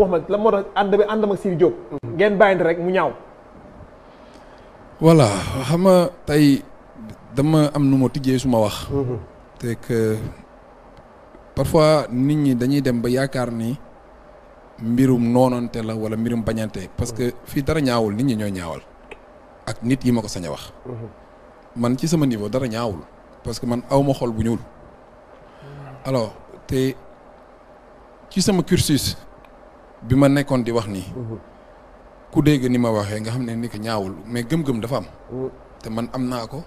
wax ma la moo tax ànd bi ànd ma Sidy Diop. ngeen bàyyante rek mu ñaaw. voilà xam tey dama am nu ma tijjee su ma wax. Mhm. te que parfois nit ñi dañuy dem ba yaakaar ni mbirum noonante la wala mbirum bañante parce que fii dara ñaawul nit ñi ñooy ñaawal ak nit yi ma ko sañ a wax. Mhm. man ci sama niveau dara ñaawul parce que man awma xol bu ñuul mhm. alors te ci sama cursus bi ma nekkoon di wax nii. Mhm. ku dégg ni ma waxee nga xam ne ni ñaawul mais gëm-gëm dafa am. Mhm. te man am naa ko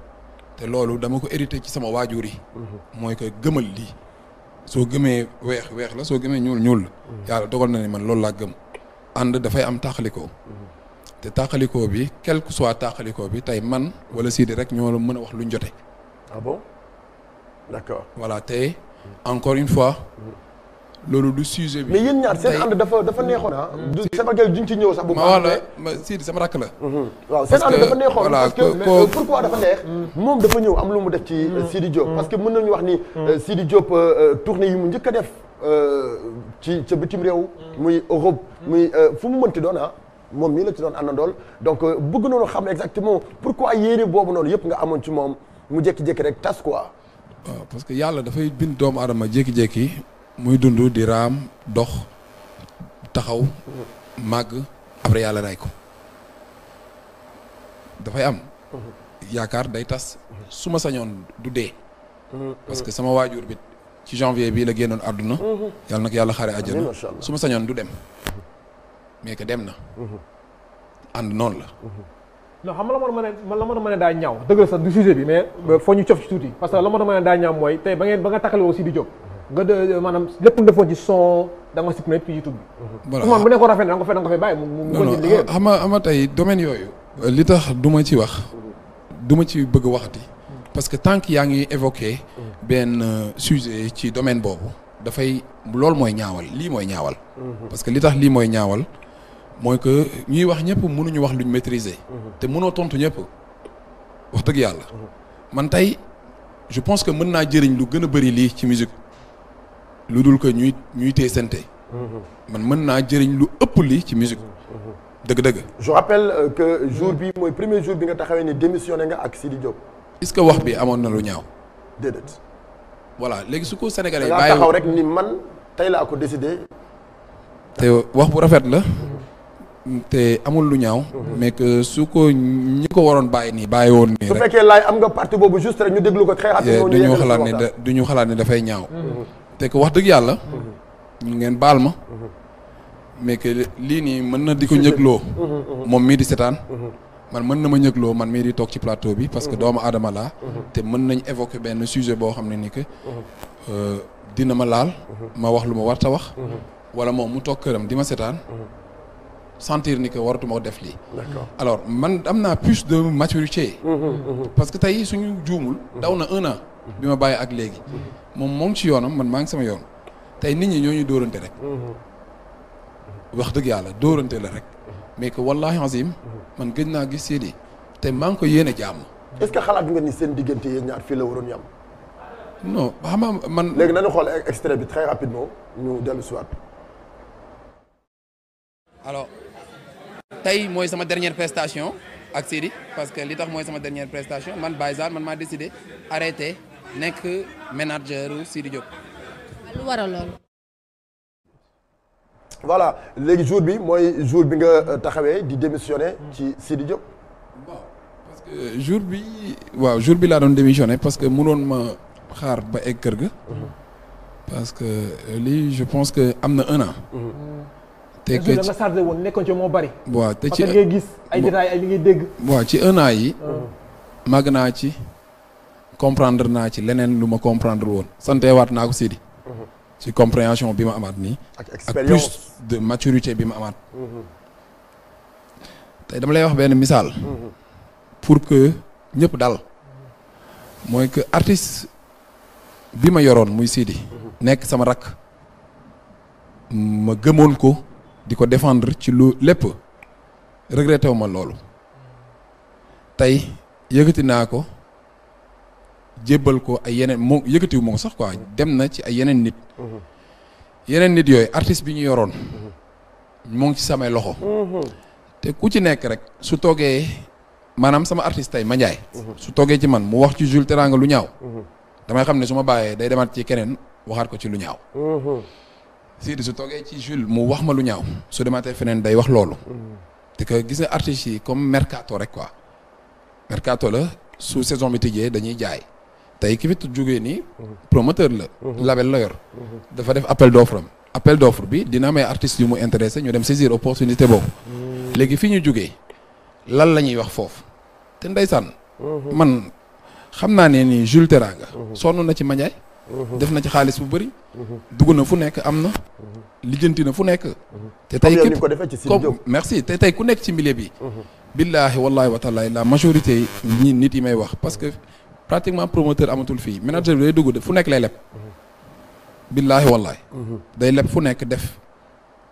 te loolu dama ko hérité ci sama waajur yi. Mhm. mooy koy gëmal lii. soo gëmee weex weex la soo gëmee ñuul ñuul la. yàlla dogal na ne man loolu laa gëm. ànd dafay am taaxalikoo. te taaxalikoo bi quel que soit taaxalikoo bi tey man wala Sidi rek ñoo la mën a wax luñ jote. ah tey encore une fois. loolu du sujet bi mais yéen ñaar seen ànd dafa dafa neexoon ah. du sama gel ci ñëw sax bu ma wala la. Mhm. waaw seen ànd dafa neexoon parce que euh, pourquoi dafa neex. moom dafa ñëw am lu mu def ci euh, mhm. Sidi Diop. parce que mën nañu wax ni. Mhm. Euh, Sidi Diop tournée yi mu njëkk a def ci ca bitim réew. muy Europe muy fu mu mënti doon ah. moom mii la ci doon na dool donc bëgg noonu xam exactement pourquoi yéene boobu noonu yëpp nga amoon ci moom mu jékki-jékki rek tas quoi. waaw parce que yàlla dafay bind doomu aadama jékki-jékki. muy dund di raam dox taxaw màgg après yàlla rey ko dafay am yaakaar day tas su ma sañoon du dee parce que sama waajur bi ci janvier bii la génnoon àdduna yàlla nag yàlla xare àjjana su ma sañoon du dem mais que dem na ànd noonu la non xam ma mën a la ma mën a daa ñaaw dëgg la sax du sujet bi mais euh, foo ñu cof ci tuuti parce que la ma mën daa ñaaw mooy tey ba nga takkale aussi di jóg nga de maanaam lépp lu defoon ci son da nga supprimer ci YouTube bi. voilà man bu nekkoon rafet na nga ko fay da ah, ah, tey domaine yooyu. li tax duma ma ci wax. du ma ci bëgg waxati. parce que tant yaa ngi évoqué. benn euh, sujet ci domaine boobu. dafay loolu mooy ñaawal lii mooy ñaawal. Mhm. parce que li tax lii mooy ñaawal. mooy que ñuy wax ñëpp mënuñu wax luñ maîtriser. Mhm. te mënoo tontu ñëpp. wax dëgg yàlla. Mhm. man tey je pense que mën naa jëriñ lu gën a bëri lii ci musique lu dul que ñuy ñuy téye sante mm-hmm. man mën naa jëriñ lu ëpp lii ci musique mm-hmm. dëgg-dëgg. je rappelle euh, que jour bi mooy premier jour bi nga taxawee ni démissionné nga ak Sidi Diop. est-ce que wax bi amoon na lu ñaaw. déedéet. voilà léegi su ko sénégalais. bàyyi taxaw rek ni man tey laa ko décidé. te wax bu rafet la. te amul lu ñaaw. Mm-hmm. mais que su ko ñi ko waroon bàyyi nii bàyyi woon nii rek. su fekkee laay am nga parti boobu juste rek ñu déglu ko. très rapidement ñu duñu xalaat ne da ñu xalaat ne dafay ñaaw. te wax dëgg yàlla. Mhm. ngeen baal ma. Mhm. mais que lii nii mën na di ko ñëgloo. Mhm, moom mii di setaan. man mën na ma ñëgloo man mii di toog ci plateau bi. parce que doomu aadama laa. te mën nañ évoquer benn sujet boo xam ne ni que. Euh, dina ma laal. ma wax lu ma warta wax. wala moom mu toog këram di ma setaan. sentir ni que waratuma def lii. d'accord man am naa plus de maturité. parce que tey suñu juumul. daw na un an. bi ma bàyyi ak léegi. moom moom ngi ci yoonam man maa ngi sama yoon tey nit ñi ñoo ñu dóorante rek. Mm-hmm. wax dëgg yàlla dóorante la rek. Mm-hmm. mais que wallaahi azim mm-hmm. man gëj naa gis Sidy te maa ngi ko yéene jàmm. est-ce que xalaat nga ni seen diggante yéen ñaar fii la waroon yam. non man. léegi nañu xool extrait bi très rapidement ñu dellu si waat. tey mooy sama dernière prestation ak Sidy parce que li tax mooy sama dernière prestation man Baye Zane man maa décidé arrêté. nekk manager Sidi Diop. lu léegi jour bi mooy jour bi nga euh, taxawee di démissionner ci Sidi Diop. jour bi waaw jour bi laa doon démissionner parce que mënoon ma xaar ba egg kër ga. Mhm. parce que euh, lii je pense que am na un an. Mhm. te que nga nekkoon ci moo bari. waaw te ci parce que ay li ngay dégg. waaw ci un an yi. Mhm. màgg naa ci. comprendre naa ci leneen lu ma comprendre woon santeewaat naa ko Sidi ci compréhension bi ma amaat nii ak plus de maturité bi ma amaat mhm. tey dama lay wax benn misaal pour que ñëpp dal mooy que artiste bi ma yoroon muy Sidi nekk sama rakk ma gëmoon ko di ko défendre ci lu lépp regretté wu ma loolu tey yëkkati naa ko jébbal ko ay yeneen moo yëkkatiwu moo sax quoi dem na ci ay yeneen nit yeneen nit yooyu artiste bi ñu yoroon mu ci samay loxo te ku ci nekk rek su toogee maanaam sama artiste tey ma njaay su toogee ci man mu wax ci Jules Teranga lu ñaaw damay xam ne su ma bàyyee day demaat ci keneen waxaat ko ci lu ñaaw Sidi su toogee ci Jules mu wax ma lu ñaaw su demaatee feneen day wax loolu te que gis nga artistes yi comme mercato rek quoi mercato la su saison bi tijjee dañuy jaay tey ki fi jógee nii. Mhm. promoteur la. Mhm. label la yor. Mhm. dafa def appel d'offre am appel d'offre bi dina am ay artistes yu mu intéressé ñu dem saisir opportunité boobu. léegi fi ñu jógee lan la ñuy wax foofu te ndeysaan. man xam naa ne ni Jules Teranga. sonn na ci Mandiaye. def na ci xaalis bu bëri. dugg na fu nekk am na. lijjanti na fu nekk. te tey képp ko defee ci merci te tey ku nekk ci milieu bi. billaahi wallaahi wa taala majorité nit yi may wax pratiquement promoteur amatul fii manager bi day dugg fu nekk lay leb. billaahi wallaahi. day leb fu nekk def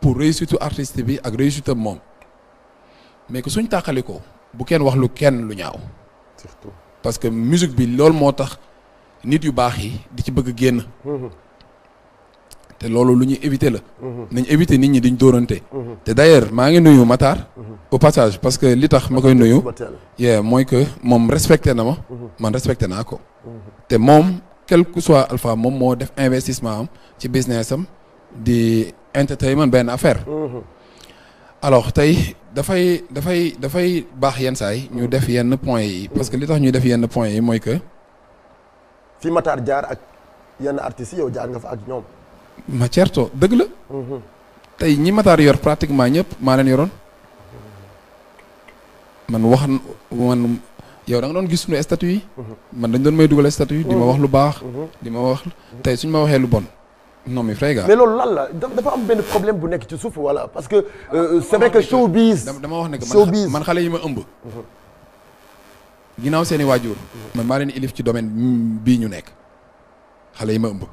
pour réussite artiste bi ak réussite am moom mais que suñ tàqalikoo bu kenn wax lu kenn lu ñaaw. surtout parce que musique bi loolu moo tax nit yu baax yi di ci bëgg génn. Mm-hmm. te loolu lu ñuy éviter la. Mhm. nañ éviter nit ñi diñ dóorante. Mhm. te d'ailleurs maa ngi nuyu Matar. Mhm. au passage parce que li tax ma koy nuyu. yee mooy que moom respecté na ma. man respecté naa ko. te moom quel que soit alpha moom moo def investissement am ci business am di entertainment benn affaire. alors tey dafay dafay dafay baax yenn saay ñu def yenn points yi parce que li tax ñuy def yenn point yi mooy que. fi Matar jaar ak yenn artistes yow jaar fa ak ñoom. ma certo dëgg la. tey ñi Matar yor pratiquement ñëpp maa leen yoroon man wax man yow da doon gis suñu yi. man dañ doon may dugal statut yi. di ma wax lu baax. di ma wax tey suñ ma waxee lu bon. non mais frère gars mais loolu lan la dafa am benn problème bu nekk ci suuf voilà parce que. Euh, c'est vrai que dama wax ne que man xale yi ma ëmb. ginnaaw seeni waajur. man maa leen ilif ci domaine bii ñu nekk xale yi ma ëmb.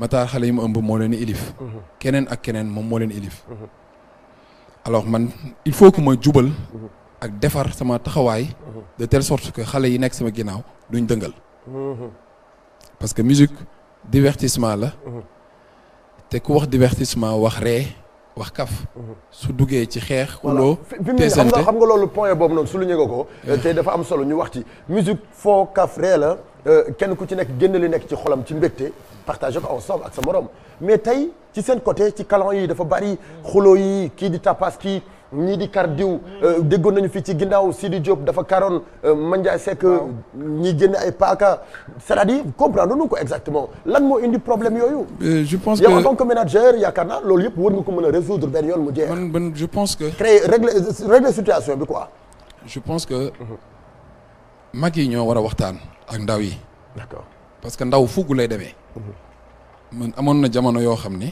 Matar xale yi mu ëmb moo leen ilif mhm. keneen ak keneen moom moo leen ilif mhm. alors man il faut que ma jubal mhm. ak defar sama taxawaay de telle sorte que xale yi nekk sama ginnaaw duñ dëngal parce que musique divertissement la te ku wax divertissement wax ree wax kaf su duggee ci xeex xuloo te sante xam nga loolu point boobu noonu su lu ñëga ko eh. te dafa am solo ñu wax musique foo kaf ree la Euh, kenn ku ci nekk génn li nekk ci xolam ci mbégte partagé ko ensemble ak sa morom mais tey ci seen côté ci calan yi dafa bari xuloo yi kii di tapas ki ñii di kar diw euh, déggoon nañu fii ci ginnaaw di Diop dafa karoon euh, Mandiaye Seck ñii génne ay paaka c'est-à-dire comprendre nu ko exactement lan moo indi problème yooyu je pense que yow en tant que ménageur naa loolu yëpp war nga ko mën a résoudre benn yoon mu jeex man man je pense que créer régler régler situation bi quoi je que mag yi ñoo war a waxtaan ak ndaw yi. parce que ndaw fugg lay demee. Mhm. man amoon na jamono yoo xam ni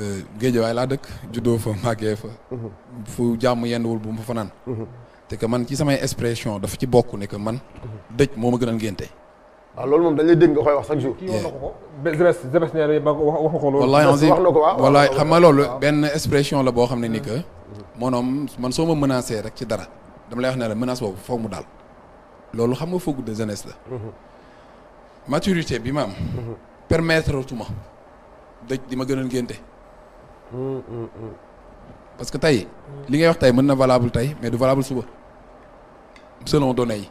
euh, waay laa dëkk juddoo fa màggee fa. Mhm. fu jàmm yenduwul bu mu fanaan. Mhm. te que man ci samay expression dafa ci bokk ni que man. dëj moo a gënal ngénte. waaw ah, loolu moom dañ lay nga koy wax chaque jour. ko ko ko loolu. wallaay xam benn expression la boo xam ne ni mm. que. moom man soo ma mënaasee rek ci dara dama lay wax ne la menace boobu foog mu daal. loolu xam nga foogu de jeunesse la mhm. maturité bi ma am mhm. permettre tuma dëj di ma gënal génte mhm, parce que tey li ngay wax tey mën na valable tey mais du valable suba selon données yi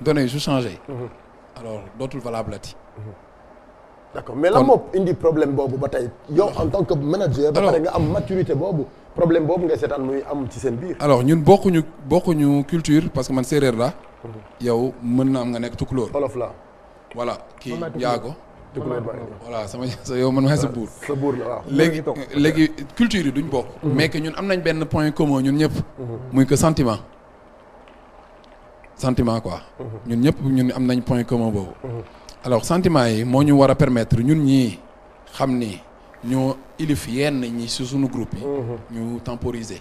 données yi su changé alors dootul valable ati d' accord mais lan moo indi problème boobu ba tey yow en tant que manager. ba pare nga am maturité boobu problème boobu nga seetaan muy am ci seen biir. alors ñun bokkuñu bokkuñu culture parce que man séeréer la mhm. yow mën na am nga nekk tukulóor. olof la voilà kii njaago voilà sama sa yow man maay sa buur sa buur la waaw léegi culture yi duñ bokk mhm. mais que ñun am nañ benn point commun ñun ñëpp mhm. muy que sentiment sentiment quoi ñun ñëpp ñun am nañ point commun boobu alors sentiment yi moo ñu war a permettre ñun ñii xam ni ñu ilif yenn ñi si sunu groupe yi. Mhm. ñu temporiser.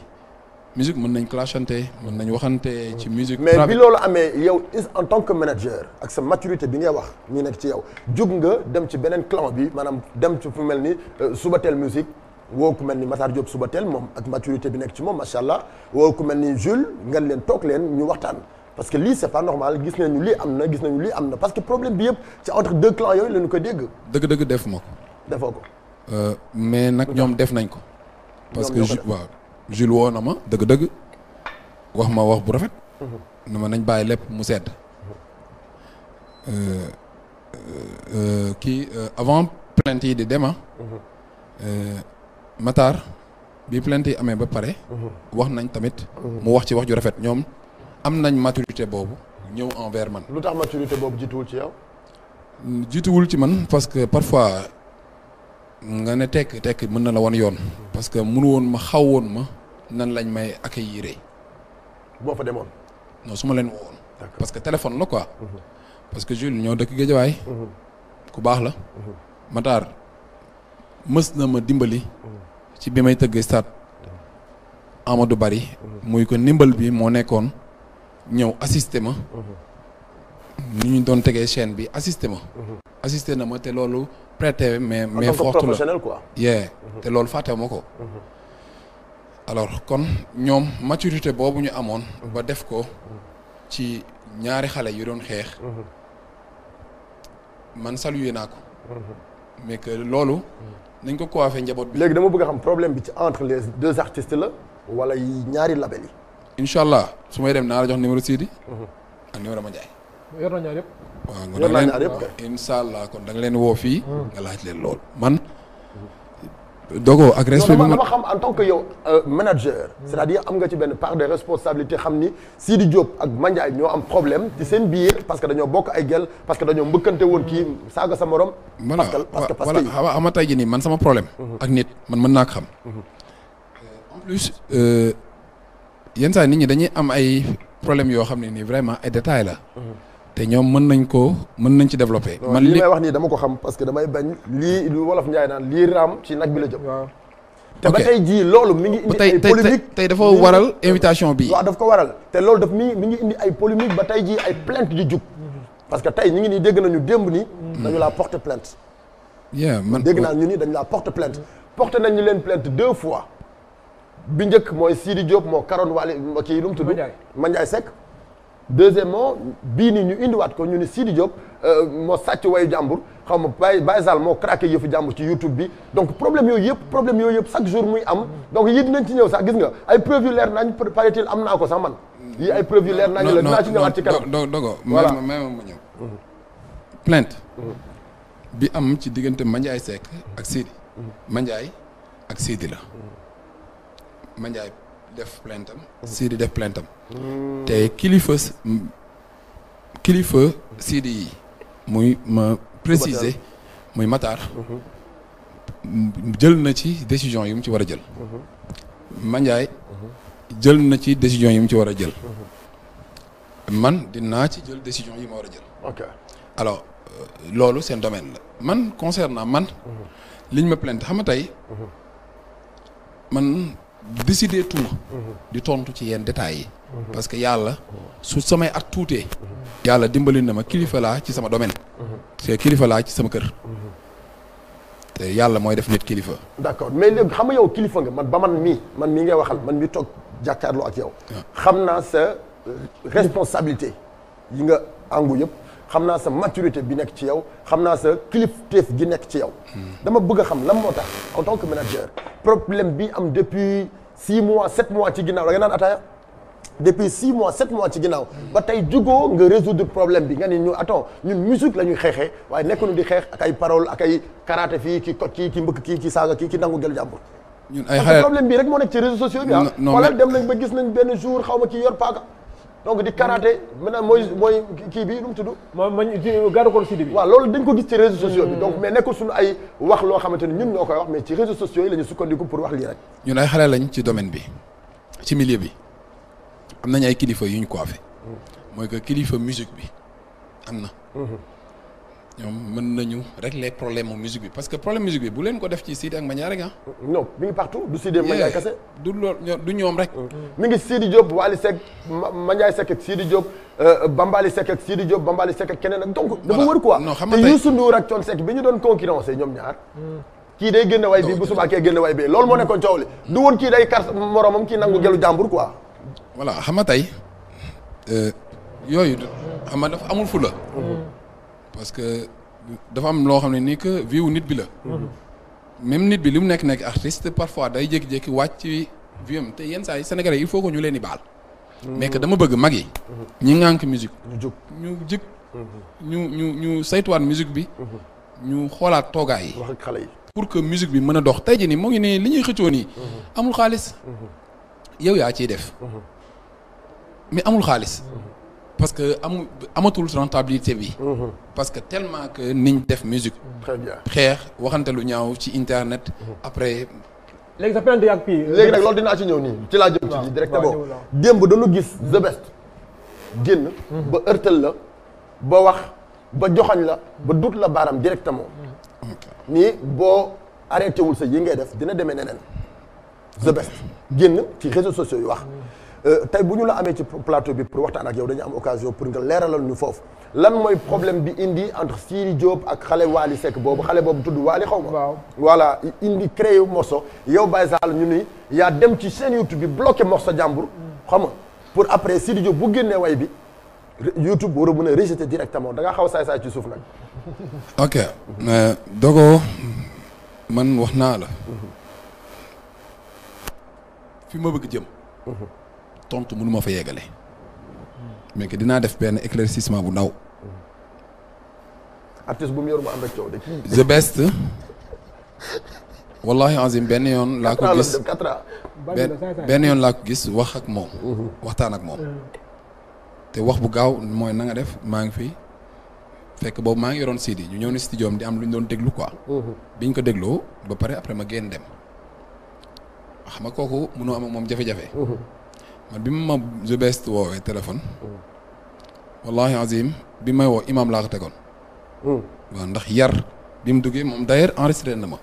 musique mën nañ clashante mën nañ waxante ci musique. mais bi loolu amee yow en tant ak sa maturité bi nga wax ñu nekk ci yow jug nga dem ci beneen clan bi maanaam dem ci fu mel ni euh, Subatel musique woo ku mel ni Matar Diop Subatel moom ak maturité bi nekk ci moom macha allah woo ku mel ni Jules ngeen leen toog leen ñu waxtaan. parce que lii c'est pas normal gis nañu lii am na gis nañu lii am na parce que problème bi yëpp ci entre deux clans yooyu la ñu ko dégg. dëgg-dëgg def ma ko. Euh, mais nag ñoom def nañ ko. parce que ju waaw Jules woo na ma dëgg-dëgg ma wax bu rafet. Mhm. na ma nañ bàyyi lépp mu sedd. Mhm. Euh, euh, kii avant plainte yi di dema ah. mhm. bi plainte amee ba pare. wax nañ tamit. mu wax ci wax ju rafet ñoom. am nañ maturité boobu ñëw envers man. lu tax maturité boobu jiituwul ci yow. jiituwul ci man parce que parfois nga ne tekk tekk mën na la woon yoon. parce que mënu woon ma xaw woon ma nan lañ may accueillir. boo fa demoon. non su ma leen woowoon. parce que téléphone la quoi. Mhm. parce que Jules ñoo dëkk Géejawaay. Mhm. ku baax la. Mhm. Matar mës na ma dimbali. ci bi may tëgg stade Amadou Bari muy ko ndimbal bi moo nekkoon. ñëw assisté ma. Mhm. ni ñu doon tegee chaîne bi assisté ma. Mhm. assisté na ma te loolu prêté mais mais forte la quoi. Mhm. te loolu fàtte ma ko. alors kon ñoom maturité boobu ñu amoon. ba def ko ci ñaari xale yu doon xeex. man salué naa ko. mais que loolu. nañ ko coiffé njaboot bi. léegi dama bëgg a xam problème bi ci entre les deux artistes la wala ñaari label yi. incha allah su dem naa la jox numéro Sidi. ak numéro Mandiaye. yor na ñaar yëpp. waaw kon danga allah kon leen woo fii. Hmm. nga laaj leen lool man. dogo ak respect bi ma dama xam en tant que yow euh, manager. Hmm. c'est-à-dire am nga ci benn part de responsabilité xam ni Sidi Diop ak Mandiaye ñoo am problème ci seen biir parce que dañoo bokk ay gel parce que dañoo mbëkkante woon kii saaga sa morom. parce que parce que parce que voilà xam nga tey man sama problème. Hmm. ak nit man man naa xam. Euh, en plus. Euh, yenn saa nit ñi dañuy am ay problème yoo xam ne nii vraiment ay détails la. Mhm. te ñoom mën nañ koo mën nañ ci développé. man li may wax nii dama ko xam parce que damay bañ lii wolof Njaay naan lii raam ci nag bi la jëm. te ba tey jii loolu mi ngi indi ay polémique tey dafa waral invitation bi waaw daf ko waral te loolu daf mi mi ngi indi ay polémique ba tey jii ay plainte di jug mhm. parce que tey ñu ngi nii dégg nañu démb nii mhm. dañu laa porte plainte yeah man dégg naa ñu ni dañu laa porte plainte porte nañu leen plainte deux fois bi njëkk mooy Sidi Diop moo karoon wàll kii nu mu tudd Mandiaye Seck deuxièmement bii nii ñu indiwaat ko ñu ne Sidi Diop euh, moo sàcc wayu jàmbur xaw ma Baye Baye Sall moo craqué yëfu jàmbur ci YouTube bi donc problème yooyu yëpp problème yooyu yëpp chaque jour muy am donc yii dinañ ci ñëw sax gis nga ay preuve yu nañ paraît-il am naa ko sax man yii ay preuve yu leer nañ la dinaa ci ñëwaat ci ma ñëw mm-hmm. plainte mm-hmm. am ci diggante Mandiaye Seck ak Sidi mm-hmm. Mandiaye ak la Mandiaye def plaintam Sidi def plaintam te kilifa kilifa Sidi muy ma préciser muy Matar jël na ci décision yi ci war a jël jël na ci décision yi mu ci war a jël mhm. mhm. mhm. man dinaa ci jël décision yi ma war a jël ok euh, loolu seen domaine la man concernant man liñ ma plainte xam tey man décidé tuma di tontu ci yenn détails yi. parce que yàlla su samay at tuutee. yàlla dimbali na ma kilifa laa ci sama domaine. te kilifa laa ci sama kër. te yàlla mooy def nit kilifa. d'accord mais léegi xam nga yow kilifa nga man ba man mii man mii ngay waxal man mii toog jàkkaarloo ak yow. xam naa sa euh, responsabilité yi nga àngu yëpp. xam naa sa maturité bi nekk ci yow xam naa sa kilifteef gi nekk ci yow. dama bëgg xam lan moo tax en tant que manager problème bi am depuis six mois sept mois ci ginnaaw da nga naan ataaya depuis six mois sept mois ci ginnaaw ba tey jugoo nga résoudre problème bi nga ni ñu attends ñun musique la ñuy xeexee waaye nekkuñu di xeex ak ay parole ak ay karaté fii ki kot kii ki mbëkk kii ki saaga kii ki nangu gel jàmbur ñun ay xale problème bi rek moo nekk ci réseaux sociaux bi ah. non dem nañ ba gis nañ benn jour xaw ma kii yor paaka. donc di karaté maintenant mooy mooy kii bi nu mu tudd. moom mooy gàddu ko sud bi. waaw loolu dañ ko gis ci réseaux sociaux bi. Hmm. donc mais nekkul suñu ay wax loo xamante ni ñun ñoo koy wax mais ci réseaux sociaux yi la ñu sukkandiku pour wax lii rek. ñun ay xale ci domaine bi ci milieu bi am nañ ay kilifa yu ñu coiffé hmm. mooy que kilifa musique bi am na. Hmm. ñoom mën nañu régler problème mu musique bi parce que problème musique bi bu leen ko def ci Sidi ak Mandiaye rek ah. non mi ngi partout du Sidi ak Mandiaye kese. du lool du ñoom rek. Mm-hmm. mi ngi Sidi Diop Wally Seck Mandiaye euh, Seck ak Sidi Diop Bambali Seck ak Sidi Diop Bambali Seck keneen ak donc. wër quoi non xam nga tey te Youssou Ndour ak Thione Seck bi ñu doon concurrencer ñoom ñaar. Mm. kii day génne bi bu subaa kee génne way bi loolu moo nekkoon coow li mm. du xam nga tey euh, yooyu xam nga dafa amul fula. Mm-hmm. parce que dafa am loo xam ne ni que vie nit bi la. même nit bi li mu nekk nekk artiste parfois day jékki-jékki wàcc ci vie am te yenn saa yi sénégalais il faut que ñu leen di baal. mais que dama bëgg mag yi. ñu ŋànk musique. ñu jug ñu jug. Mhm. ñu ñu ñu saytuwaat musique bi. Mhm. ñu xoolaat toogaay yi. wax ak pour que musique bi mën a dox tey ji ni mu ngi nii li ñuy xëccoo nii. Mhm. amul xaalis. yow yaa ci def. mais amul xaalis. parce que amu amatul rentabilité bi. Mhm. parce que tellement que niñ def musique. xeex waxante lu ñaaw ci internet. Mhm. après. léegi sa plainte ak kii. léegi nag loolu dinaa ci ñëw nii ci laa jëm. ci directement démb dañu gis the best. génn. Mhm. ba ërtal la ba wax ba joxañ la ba dut la baaram directement. nii boo arrêté wul sa yi ngay def dina demee neneen. the best génn ci réseaux sociaux yi wax. Euh, tey bu ñu la amee ci plateau bi pour waxtaan ak yow dañu am occasion pour nga leeralal ñu foofu lan mooy problème bi indi entre Siri Diop ak xale Waly Seck boobu xale boobu tudd Waly xaw ma. waaw voilà indi créé morceau yow Baye Sall ñu yaa dem ci chaîne YouTube bi bloqué morceau jàmbur. xam nga pour après Siri bu génnee way bi YouTube war a mën a rejeter directement da nga xaw saay saay ci suuf ok mais wax naa la. Mhm. fi ma bëgg jëm. Mhm. tontu mënu ma fa yeggale mais que dinaa def benn éclaircissement bu ndaw. artiste bu mu yor mu ànd ak coow the best. wallahi azim benn yoon laa ko gis benn yoon laa ko gis wax ak moom mhm. waxtaan ak moom euh. te wax bu gaaw mooy na nga def maa ngi fi fekk boobu maa ngi yoroon Sidi ñu ñëw ne studio am di am lu ñu doon déglu quoi mhm. biñ ko dégloo ba pare après ma génn dem xam kooku mënoo am ak moom jafe-jafe mhm. man bi ma The Best woowee téléphone. wallahi azim bi may woo imam laa ko tegoon. Hmm. waaw ndax yar bi mu duggee moom d'ailleurs enregistré na ma.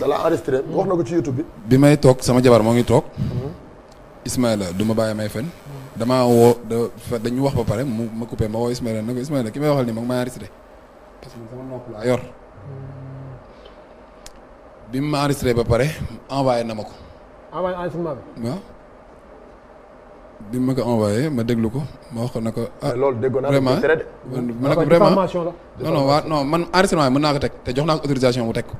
da la enregistré wax na ko ci YouTube bi. bi may toog sama jabar moo ngi toog. Hmm. Ismaïla du ma bàyyi may fen hmm. damaa woo da dañu wax ba pare mu ma coupé ma woo Ismaïla na ko Ismaïla ki may waxal ni moom ma enregistré parce que sama nopp laa yor. bi mu ma enregistré ba pare envoyé na ma ko. bi ma ko envoyé ma déglu ko ma wax ko na ko. ah loolu déggoon naa ma ne ko vraiment teg te jox naa ko autorisation mu teg ko.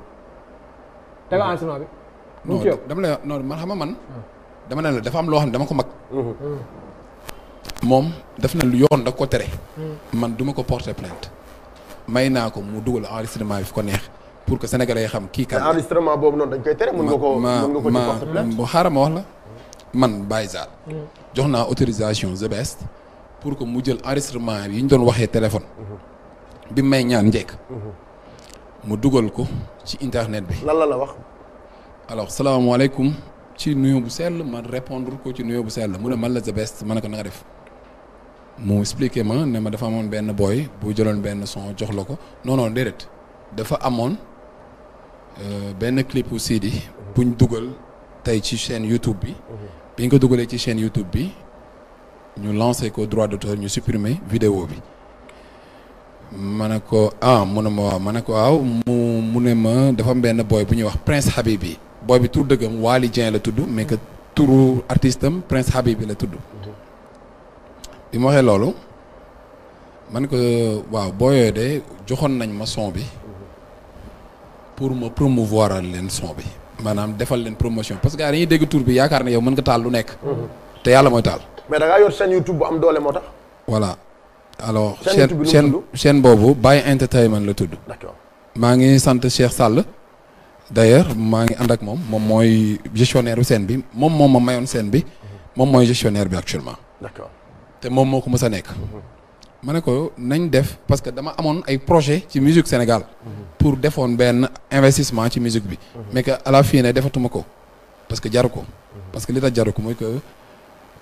teg enregistrement bi. dama lay man xam man. Ah. dama ne la dafa am loo xam ne dama ko mag. Mm-hmm. Mm-hmm. moom daf na lu yoon da ko tere. Mm. man du ko porter plainte. may naa ko mu dugal enregistrement bi fu ko neex pour que sénégalais xam ki kan enregistrement boobu koy tere. ma ma xaaral wax la man Baye Zall. Mm. jox naa autorisation The pour que mu jël enregistrement yi ñu doon waxee téléphone. bi may ñaan njekk mu dugal ko ci internet bi. lan la la wax. alors salaamaaleykum ci nuyoo bu sell man répondre ko ci nuyoo bu sell mu ne man la The Best ma ko na def. mu expliqué ma ne ma dafa amoon benn booy bu jëloon benn son jox la ko non non dafa amoon euh, benn clip bu Sidi buñ dugal tey ci chaîne YouTube bi. Mhm. bi ko dugalee ci chaîne YouTube bi ñu lancé ko droit d'auteur ñu supprimer vidéo bi ma ne ko ah mu ne ma waaw ma ne ko mu mu ne ma dafa am benn boy bu ñuy wax Prince Habib bi boy bi tur dëggam waali Dieng la tudd mais que turu artistam am Prince Habib bi la tudd. bi ma waxee loolu man ko waaw booyoo de joxoon nañ ma son bi pour ma promouvoir leen son bi. maanaam defal leen promotion parce que gars dañuy dégg tour bi yaakaar ne yow mën nga taal lu nekk. te yàlla mooy taal. mais da ngaa yor chaîne YouTube bu am doole moo tax. voilà alors. chaîne chaîne boobu Baye Entertainment la tudd. d'accord maa ngi sant Cheikh Sall. d'ailleurs maa ngi ànd ak moom moom mooy gestionnaire bu seen bi moom moom ma mayoon seen bi mooy gestionnaire bi actuellement. d'accord te moom moo ko mës a nekk. Mhm. ma ne ko nañ def parce que dama amoon ay projet ci musique Sénégal pour defoon benn investissement ci musique bi mais que la fin ne defatuma ko parce que jaru ko parce que li tax jaru ko mooy que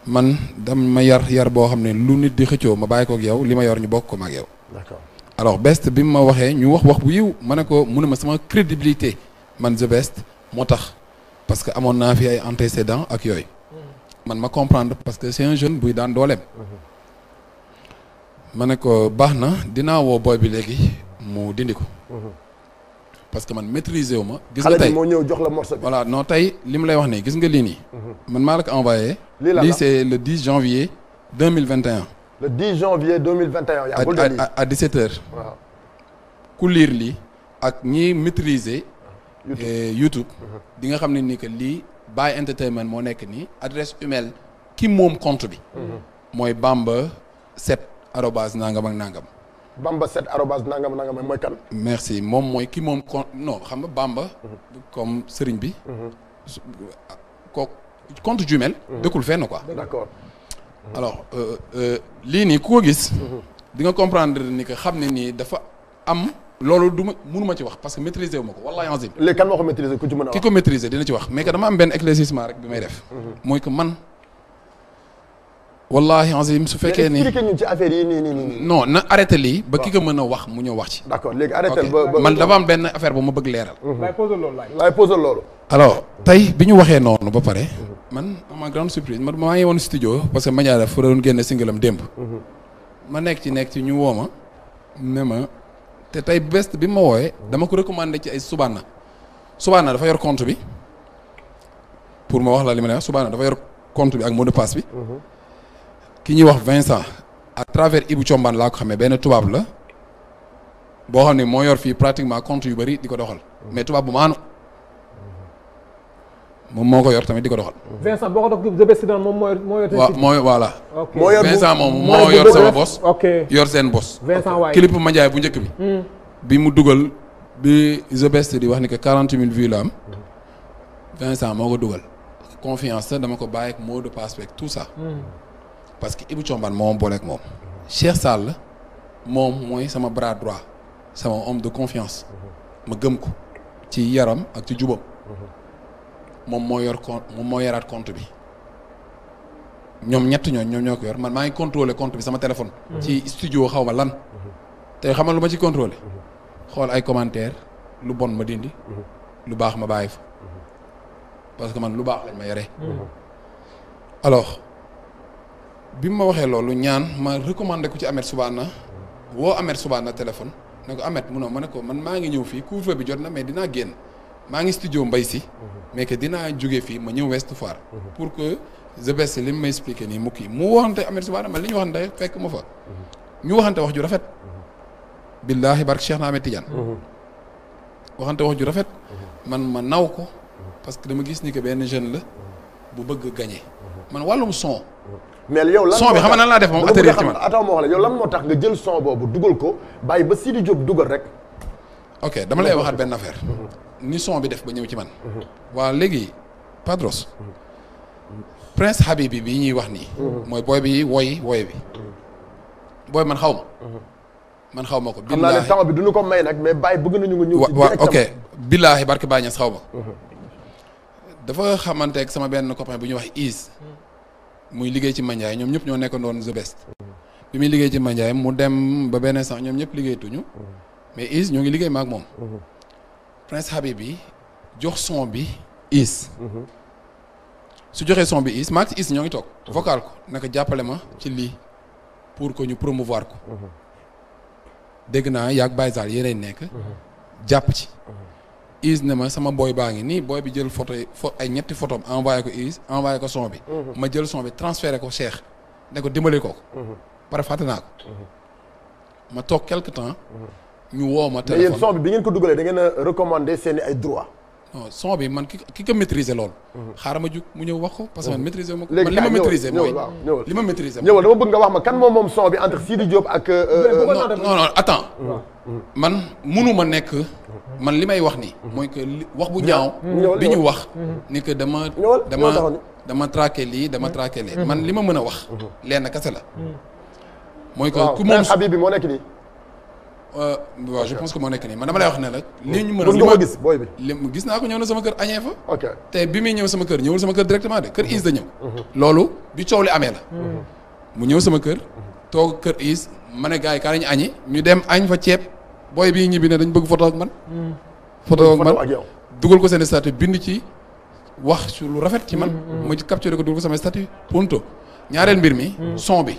man dama yar yar boo xam ne lu nit di xëccoo ma bàyyi ko ak yow li ma yor ñu bokk ko ma ak yow d'accord best bi mu ma waxee ñu wax wax bu yiw ma ne ko mu ne ma sama crédibilité man the best moo tax parce que amoon naa fi ay antécédents ak yooyu mm. man ma comprendre parce que c'est jeune buy daan dooleem mm-hmm. ma ne ko baax na dinaa woo booy bi léegi mu dindi ko. Mhm. parce que man maîtriser wu ma. gis nga tey moo ñëw jox la morceau bi. voilà tey li mu lay wax nii gis nga lii nii. Mhm. man maa la ko envoyé. lii la lii c' le 10 janvier 2021. le 10 janvier 2021. yaa ngi lii à à ku liir lii ak ñi maîtriser. YouTube eh, mhm. di nga xam ne ni que lii Baye Entertainment moo nekk nii adresse email ki moom compte bi. mooy Bamba Sepp. arobase nangam ak nangam. Bamba set arobase nangam nangam mooy kan. merci moom mooy ki moom con non xam nga Bamba. comme sëriñ bi. ko compte jumelle. dëkkul fenn ko d'accord alors euh, euh, lii nii ku ko gis. di nga comprendre ni que xam ne nii dafa am. loolu du ma mënuma ci wax parce que maîtriser wu ma ko wallaahi azim. léegi kan moo ko maîtriser ki ko maîtriser dina ci wax mais que dama am benn éclaircissement rek bi may def. Mhm. mooy que man. wallahi azim su fekkee ni ñun ci nii nii na arrêté lii ba ki ko mën a wax mu ñëw wax ci. d'accord léegi arrêté ba man dafa am benn affaire bu ma bëgg leeral. laay mhm. posé loolu laay tey bi ñu waxee noonu ba pare. man ma grande surprise ma maa ngi woon studio parce que Mañara fa doon génne singalam démb. Mhm. ma nekk ci nekk ci ñu woo ma te tey best bi ma wooyee dama ko recommandé ci ay Subaana Subaana dafa yor compte bi pour ma wax la li ma ne wax Subaana dafa yor compte bi ak mot de bi. Mhm. ki ñuy wax Vincent a travers Ibou Combaan laa ko xamee benn tubaab la boo xam ne moo yor fii pratiquement compte yu bëri di ko doxal mais tubaab bu maanu moom moo ko yor tamit di ko doxal. moo yor moo yor. waaw moo voilà. moo yor Vincent sama bos. yor seen bos. Vincent waay bu njëkk hmm. bi. mu dugal bi The di wax ni que quarante mille vues la am. Vincent moo ko dugal. confiance dama ko bàyyi ak de passe tout ça. Hmm. parce que Ibou Thiombane moo booleeg moom Cheikh la moom mooy sama bras droit sama homme de confiance ma gëm ko ci yaram ak ci jubam moom moo yor compte moom moo yaraat compte bi ñoom ñett ñooñ ñoom ñoo ko yor man maa ngi contrôler compte bi sama téléphone mhm. ci studio xaw ma lan mhm. te xamal lu ma ci contrôler mhm. xool ay commentaire lu bon ma dindi lu baax ma bàyyi fa parce que man lu baax lañ ma yore alors bi mu ma waxee loolu ñaan ma recommandé ko ci Ahmed Soubana woo Ahmed Soubana téléphone ne ko Ahmed munoo ma ne ko man maa ngi ñëw fii couvre-feu bi jot na mais dinaa génn maa ngi studio mbay si. mais que dinaa jóge fii ma ñëw Ouest Foire. pour que ZBS li mu may expliqué nii mu kii mu waxante Ahmed Soubana man li ñu waxante fekk ma fa. ñu waxante wax ju rafet. billaahi barke Cheikh na Ahmed Tidiane. waxante wax ju rafet. man ma naw ko. parce que dama gis ni que benn jeune la. bu bëgg gagné. man wàllum son. mais yow lan son bi xam na laa def moom atterrir ci man attends ma wax la yow lan moo tax nga jël son boobu dugal ko bàyyi ba Sidi Diop dugal rek. ok dama lay waxaat benn affaire. ni son bi def ba ñëw ci man. waa léegi Padros. Prince Habib bi ñuy wax nii. mooy booy bi woy woy bi. booy man xaw ma. man xaw ma ko. billaahi xam naa bi duñu ko may nag mais Baye bëgg nañu nga ñëw. ci waaw ok billaahi barke Baye Niass xaw ma. dafa xamante sama benn copain bu ñuy wax Is. muy liggéey ci Mandiaye ñoom ñëpp ñoo nekkandoon the best bi muy liggéey ci Mandiaye mu dem ba benn sax ñoom ñëpp liggéeyatuñu mais Is ñoo ngi liggéey maak moom Prince Habib bi jox son bi Is su joxee son bi Is maak Is ñoo ngi toog vocal ko naka jàppale ma ci lii pour que ñu promouvoir ko dégg naa yaag Baye Sall yéenay nekk jàpp ci is ne ma sama booy baa ngi nii booy bi jël photo yi fo ay ñetti photo am envoyé ko is envoyé ko son bi. Mhm. ma jël son bi transféré ko Cheikh ne ko dimbali ko. Mhm. pare fàtte naa ko. Mhm. ma toog quelque temps. ñu woo ma téléphone mais bi bi ngeen ko dugalee da ngeen a seen ay droit. non son bi man ki ki ko maîtriser lool. Mhm. xaaral ma jug mu ñëw wax ko parce que man mhm. ma ko. li ma nekk. man li may wax nii. Mhm. mooy que wax bu ñaaw. bi ñu wax. ni que dama dama dama traqué lii dama traqué lee. man li ma mën a wax. lenn kese la. mooy que ku moom Habib moo nekk nii. Euh, waaw je pense que moo nekk nii man dama lay wax ne la. li ñu a li ma gis booy bi. li gis naa ko ñëw na sama kër añee fa. ok te bi muy ñëw sama kër ñëwul sama kër directement de kër is da ñëw. Mhm. loolu bi coow li amee la. Mhm. mu ñëw sama kër. toog kër is ma ne gars yi kaa nañu ñu dem añ fa ceeb booy bi ñu ñibbi na dañ bëgg photo ak man. Mhm. photo ak man dugal ko seen statut bind ci wax su lu rafet ci man. ma capturé ko dugal ko sama statut punto ñaareel mbir mi. son bi.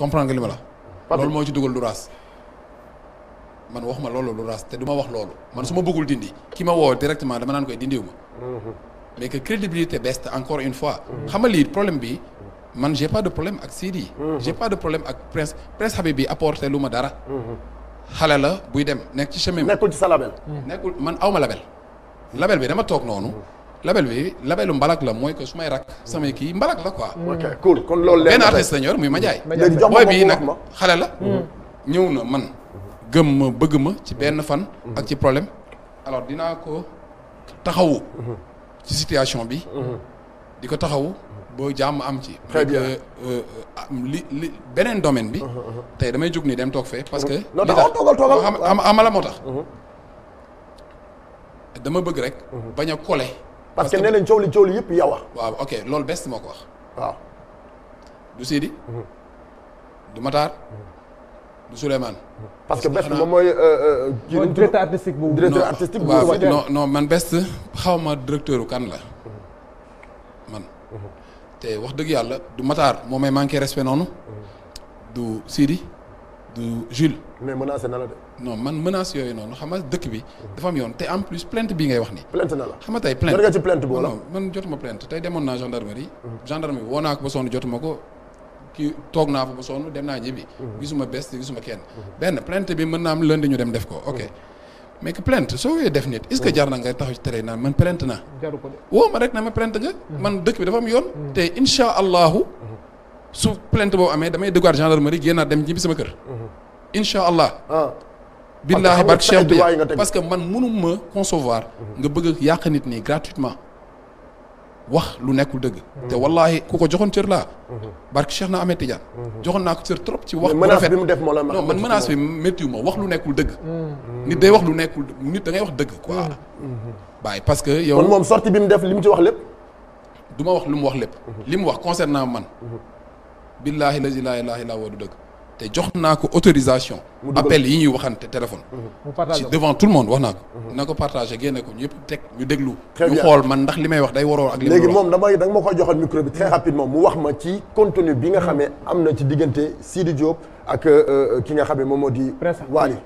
comprendre nga li ma la. loolu moo ci dugal du raas. man waxuma loolu lu raas te du ma wax loolu man su ma bëggul dindi ki ma woo directement dama naan koy dindiw ma. Mhm. mais que crédibilité baisse encore une fois. xam lii problème bi man j'ai pas de problème ak Sidi. Mhm. j'ai pas de problème ak prince prince Habib bi apporté lu ma dara. Mhm. xale la buy dem nekk ci chemin. nekkul ci sa nekkul man aw ma label. label bi dama toog noonu. label bi labelu mbalak la mooy que su may rak samay kii mbalak la quoi. Mm. ok benn artiste la ñu yor muy Madiaye. léegi jox ma bii nag xale la. Mm. ñëw na man gëm bëgg ma ci benn fan. Mm-hmm. ak ci problème alors dinaa ko taxawu. Mm-hmm. ci situation bi. Mm-hmm. di ko taxawu boo jàmm am ci. Euh, euh, li li beneen domaine bi. tey damay jóg nii dem toog fee. parce que li tax toogal moo tax. dama bëgg rek. bañ a kole. parce que nee nañ coow li coow li yëpp yow waaw ok loolu best moo ko wax. waaw. du Sidi. Mhm. du Matar. Mhm. du Souleymane. parce que best moom mooy. Euh, euh, mooy directeur artistique bu directeur artistique bu non non man best xaw ma directeur kan la. Mhm. man. te wax dëgg yàlla du Matar moo may manqué respect noonu. du Sidi du Jules. mais menacé na non man menace yooyu noonu xam nga dëkk bi dafa am na la xam nga tey plainte jot nga ci plainte bi mën naa am lundi ñu dem def ko ok mhm. mais que plainte soo wee def nit est-ce que mhm. jar na ma rek na ma plainte nga mhm. man dëkk bi dafa am yoon te insha allahu su plainte boobu amee damay dëggaat gendarmerie génnaat dem ñibbi sama kër insha allah ah. billaahi barke Cheikh bi parce que man mënuma concevoir nga bëgg yàq nit nii gratuitement wax lu nekkul dëgg te mm-hmm. wallaahi ku ko joxoon cër laa mm-hmm. barke Cheikh na Ahmed Tidiane mm-hmm. joxoon naa cër trop ci wax menace bi mu def moo la non man menace bi méttiwu ma wax lu nekkul dëgg nit day wax lu nekkul nit da ngay wax dëgg quoi bàyyi parce que yow moom sorti bi mu def li mu ci wax lépp du ma wax lu mu wax lépp li mu wax concernant man billaahi lazi laa ilaaha illaa huwa du dëgg te jox naa ko autorisation. appel yi ñuy waxante téléphone. ci devant tout le monde wax naa ko. na ko partagé génne ko ñëpp teg ñu déglu. ñu xool man ndax li may wax day waroo ak. li léegi moom damay danga ma koy joxal micro bi très rapidement mu wax ma ci contenu bi nga xamee am na ci diggante Sidi Diop ak euh, euh, ki nga xamee moom moo di. Prince Waly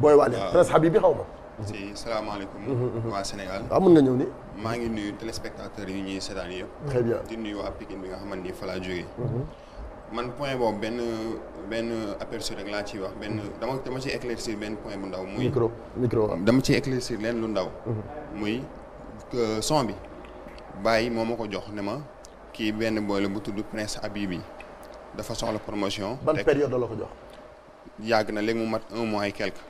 booy Waly Prince Habib bi xaw ma. si salaamaaleykum. Mhm, mhm. waa Sénégal waaw mën nga ñëw ni maa ngi nuyu téléspectateurs yi ñuy seetaan yëpp. très bien nuyu waa Pikine bi nga xamante ni fa laa man point boobu benn benn aperçu rek laa ciy wax benn mm-hmm. dama ci ciy éclaircir benn point bu ndaw. muy micro micro dama ciy éclaircir leen lu ndaw. Mm-hmm. muy son bi bàyyi moo ma ko jox ne ma kii benn boole bu tudd prince bi dafa soxla promotion. ban période yàgg na léegi mu mat un mois quelque.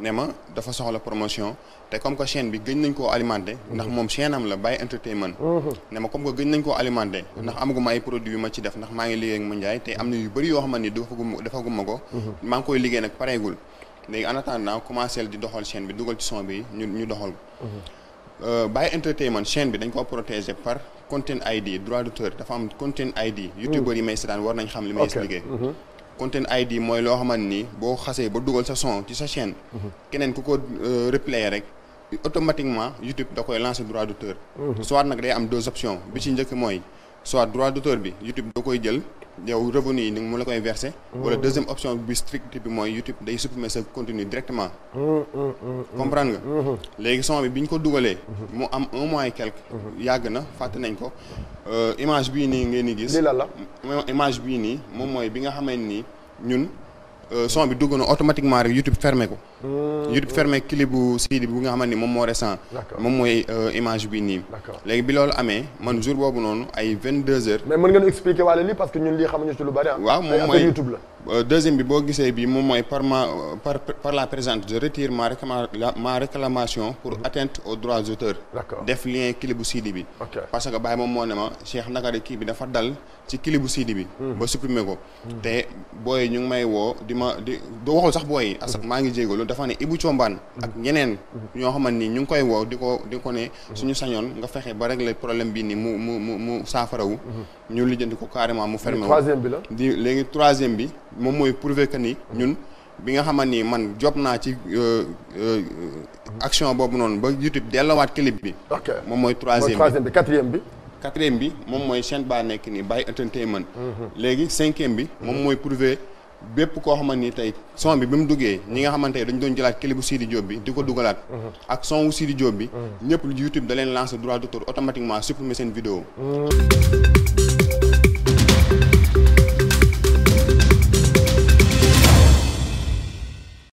ne ma dafa soxla promotion te comme que bi gëñ nañ koo alimenté ndax moom chaîne am la bàyyi entertainment mhm. ne ma comme que gëñ nañ koo alimenté ndax mhm. amaguma ay produits yu ma ci def ndax maa ngi liggéey ak Mandiaye te am na yu bëri yoo xamante ni dafaguma dafaguma ko mhm. maa ngi koy liggéey nag pareegul léegi en attendant commencé di doxal chaîne bi dugal ci son bi ñu ñu doxal ko euh, bàyyi entertainment chaîne bi dañ koo protégé par content ID droit d'auteur dafa am content ID youtubeur yi may seetaan war nañ xam li may liggéey content ID mooy loo xamante ni boo xasee ba dugal sa son ci sa chaîne. keneen ku ko euh, replay rek. automatiquement YouTube da koy lance droit d'auteur mhm. soit nag day am deux options bi ci njëkk mooy soit droit d'auteur bi YouTube da koy jël. yow revenu yi ni mu la koy versé. Mm. wala deuxième option bi strict bi mooy YouTube day supprimer sa contenu directement. Mm, mm, comprendre nga. Mm-hmm. léegi son bi bi ñu ko dugalee. Mm-hmm. mu am un mois et quelque. Mm-hmm. yàgg na fàtte nañ ko euh, image bii nii ngeen di gis. lii la la image bii nii moom mooy bi nga xamee nii ñun euh, son bi dugg na automatiquement rek YouTube fermé ko. Euh, YouTube fermé clip bu Sidi bu nga xamante ni moom moo récent moom mooy euh, image bi nii léegi bi loolu amee man jour boobu noonu ay ah. euh, bi boo gisee bi moom mooy par la présente je retire ma réclamation pour mm-hmm. atteinte aux droits d'auteur def lien clip bu bi parce que Baye moom moo ne ma Cheikh Ndakari kii bi dafa dal ci clip bu bi mm-hmm. ba supprimer ko mm-hmm. te booy ñu may woo di ma di waxul sax booy maa ngi jéego dafa ne Ibou Thiombane ak mhm. ñeneen mhm. ñoo xaman ni ñu ngi koy woow di ko di ko ne mhm. suñu sañoon nga fexe ba régler problème bi ni mu mu mu mu saafarawu ñu lijjanti ko carrément mu fermé troisième bi la di léegi troisième bi moom mooy prouver que ni ñun bi nga xamante ni man job naa ci euh, euh, action boobu noonu ba YouTube dellowaat clip bi moom mooy troisième bi quatrième bi quatrième bi moom mooy chaîne ba nekk ni Baye Entertainment léegi cinquième bi moom mooy prouver bépp koo xamante ni tey son bi bi mu duggee ñi nga xamante ne dañ doon jëlaat clip bu Sidi bi di ko dugalaat mm-hmm. ak son wu Sidi Diop bi mm-hmm. ñëpp lu YouTube da leen lancer droit d'auteur automatiquement supprimer seen vidéo mm-hmm.